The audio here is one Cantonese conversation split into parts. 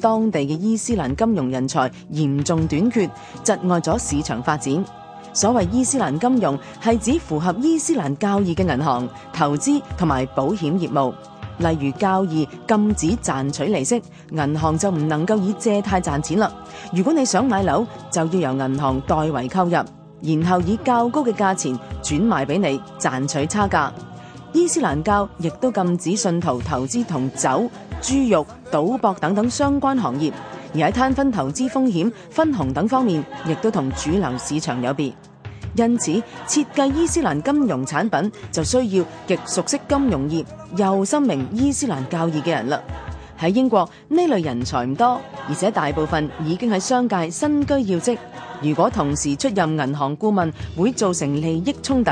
當地嘅伊斯蘭金融人才嚴重短缺，窒礙咗市場發展。所謂伊斯蘭金融，係指符合伊斯蘭教義嘅銀行、投資同埋保險業務。例如教義禁止賺取利息，銀行就唔能夠以借貸賺錢啦。如果你想買樓，就要由銀行代為購入，然後以較高嘅價錢轉賣俾你，賺取差價。伊斯蘭教亦都禁止信徒投資同酒。豬肉、賭博等等相關行業，而喺攤分投資風險、分紅等方面，亦都同主流市場有別。因此，設計伊斯蘭金融產品就需要極熟悉金融業又深明伊斯蘭教義嘅人啦。喺英國，呢類人才唔多，而且大部分已經喺商界身居要職。如果同時出任銀行顧問，會造成利益衝突。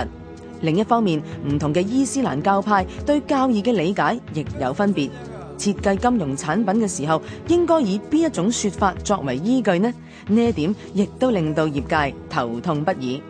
另一方面，唔同嘅伊斯蘭教派對教義嘅理解亦有分別。設計金融產品嘅時候，應該以邊一種說法作為依據呢？呢一點亦都令到業界頭痛不已。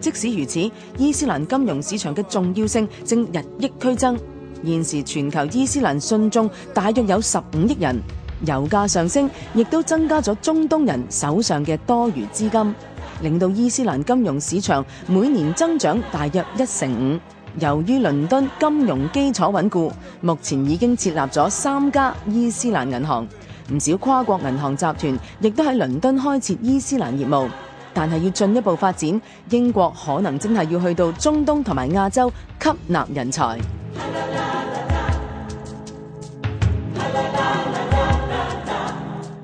即使如此，伊斯蘭金融市場嘅重要性正日益俱增。現時全球伊斯蘭信眾大約有十五億人，油價上升亦都增加咗中東人手上嘅多餘資金，令到伊斯蘭金融市場每年增長大約一成五。由於倫敦金融基礎穩固，目前已經設立咗三家伊斯蘭銀行，唔少跨國銀行集團亦都喺倫敦開設伊斯蘭業務。但係要進一步發展，英國可能真係要去到中東同埋亞洲吸納人才。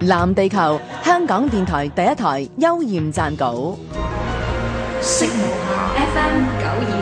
藍 地球，香港電台第一台，邱焱撰稿。